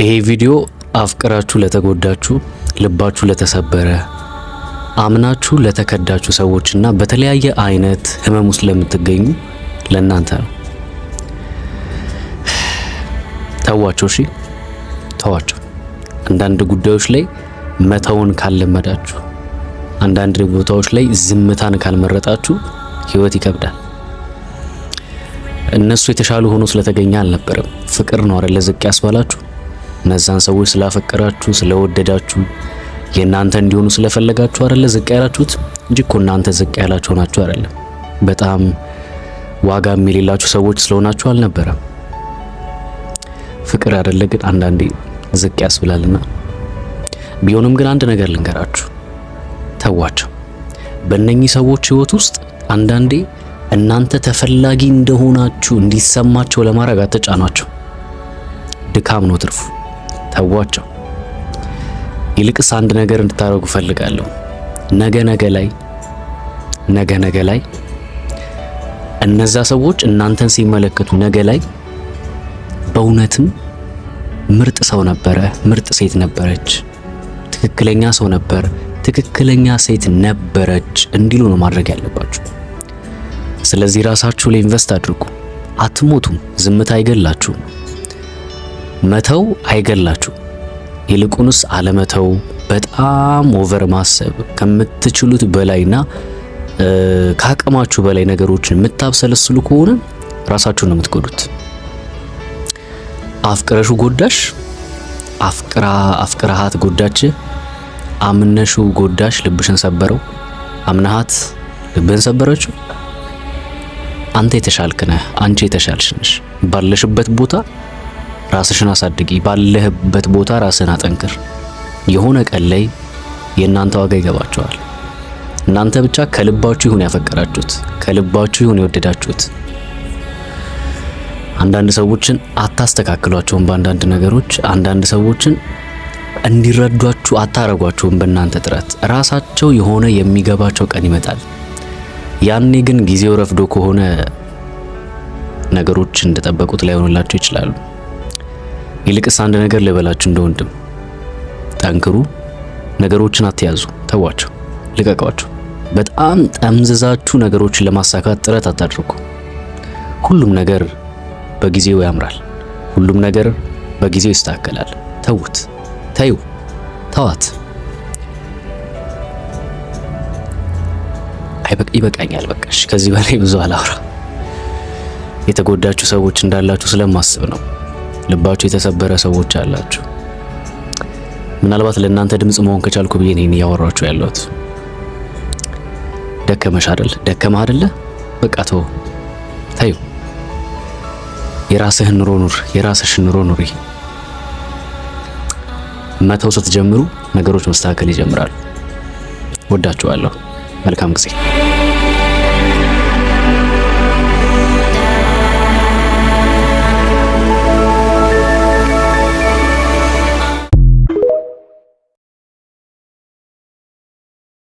ይሄ ቪዲዮ አፍቅራችሁ ለተጎዳችሁ፣ ልባችሁ ለተሰበረ፣ አምናችሁ ለተከዳችሁ ሰዎችና በተለያየ አይነት ህመም ውስጥ ለምትገኙ ለእናንተ ነው። ተዋቸው፣ እሺ ተዋቸው። አንዳንድ ጉዳዮች ላይ መተውን ካልለመዳችሁ፣ አንዳንድ ቦታዎች ላይ ዝምታን ካልመረጣችሁ ህይወት ይከብዳል። እነሱ የተሻሉ ሆኖ ስለተገኘ አልነበረም። ፍቅር ነው አይደል ዝቅ ያስባላችሁ። እነዛን ሰዎች ስላፈቀራችሁ ስለወደዳችሁ የእናንተ እንዲሆኑ ስለፈለጋችሁ አይደለ ዝቅ ያላችሁት እንጂ እኮ እናንተ ዝቅ ያላችሁ ሆናችሁ አይደለም። በጣም ዋጋ የሌላችሁ ሰዎች ስለሆናችሁ አልነበረም። ፍቅር አይደለ ግን አንዳንዴ ዝቅ ያስብላልና፣ ቢሆንም ግን አንድ ነገር ልንገራችሁ፣ ተዋቸው። በእነኚህ ሰዎች ህይወት ውስጥ አንዳንዴ እናንተ ተፈላጊ እንደሆናችሁ እንዲሰማቸው ለማድረግ አትጫኗቸው። ድካም ነው ትርፉ። ተዋቸው። ይልቅስ አንድ ነገር እንድታደርጉ ፈልጋለሁ ነገ ነገ ላይ ነገ ነገ ላይ እነዛ ሰዎች እናንተን ሲመለከቱ ነገ ላይ በእውነትም ምርጥ ሰው ነበረ፣ ምርጥ ሴት ነበረች፣ ትክክለኛ ሰው ነበር፣ ትክክለኛ ሴት ነበረች እንዲሉ ነው ማድረግ ያለባችሁ። ስለዚህ ራሳችሁ ላይ ኢንቨስት አድርጉ። አትሞቱም። ዝምታ አይገላችሁም። መተው አይገላችሁ፣ ይልቁንስ አለመተው በጣም ኦቨር ማሰብ ከምትችሉት በላይና ካቅማችሁ በላይ ነገሮችን የምታብሰለስሉ ከሆነ ራሳችሁን ነው የምትጎዱት። አፍቅረሹ ጎዳሽ፣ አፍቅራ አፍቅራሃት ጎዳች፣ አምነሹ ጎዳሽ፣ ልብሽን ሰበረው፣ አምናሃት ልብህን ሰበረችው። አንተ የተሻልክ ነህ፣ አንቺ የተሻልሽ ነሽ። ባለሽበት ቦታ ራስሽን አሳድጊ፣ ባለህበት ቦታ ራስን አጠንክር። የሆነ ቀን ላይ የእናንተ ዋጋ ይገባቸዋል። እናንተ ብቻ ከልባችሁ ይሁን ያፈቀራችሁት፣ ከልባችሁ ይሁን የወደዳችሁት። አንዳንድ ሰዎችን አታስተካክሏቸውም በአንዳንድ ነገሮች። አንዳንድ ሰዎችን እንዲረዷችሁ አታረጓቸውም በእናንተ ጥረት። ራሳቸው የሆነ የሚገባቸው ቀን ይመጣል። ያኔ ግን ጊዜው ረፍዶ ከሆነ ነገሮች እንደጠበቁት ላይሆንላቸው ይችላሉ። ይልቅስ አንድ ነገር ልበላችሁ እንደወንድም ጠንክሩ። ነገሮችን አትያዙ፣ ተዋቸው፣ ልቀቋቸው። በጣም ጠምዝዛችሁ ነገሮችን ለማሳካት ጥረት አታድርጉ። ሁሉም ነገር በጊዜው ያምራል። ሁሉም ነገር በጊዜው ይስተካከላል። ተውት፣ ተዩ፣ ተዋት። አይበቅ ይበቃኛል፣ በቃሽ። ከዚህ በላይ ብዙ አላውራ። የተጎዳችሁ ሰዎች እንዳላችሁ ስለማስብ ነው። ልባችሁ የተሰበረ ሰዎች አላችሁ። ምናልባት ለእናንተ ድምፅ መሆን ከቻልኩ ብዬ ይህን እያወራችሁ ያለሁት። ደከመሽ አይደል? ደከመ አይደለ? በቃ ተው ታዩ። የራስህን ኑሮ ኑር፣ የራስሽን ኑሮ ኑሪ። መተው ስትጀምሩ ነገሮች መስተካከል ይጀምራሉ። ወዳችኋለሁ። መልካም ጊዜ